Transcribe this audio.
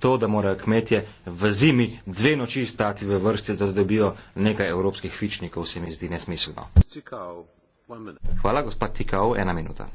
to, da morajo kmetje v zimi dve noči stati v vrsti, da dobijo nekaj evropskih fičnikov, se mi zdi nesmiselno. Hvala, gospod Tikao, ena minuta.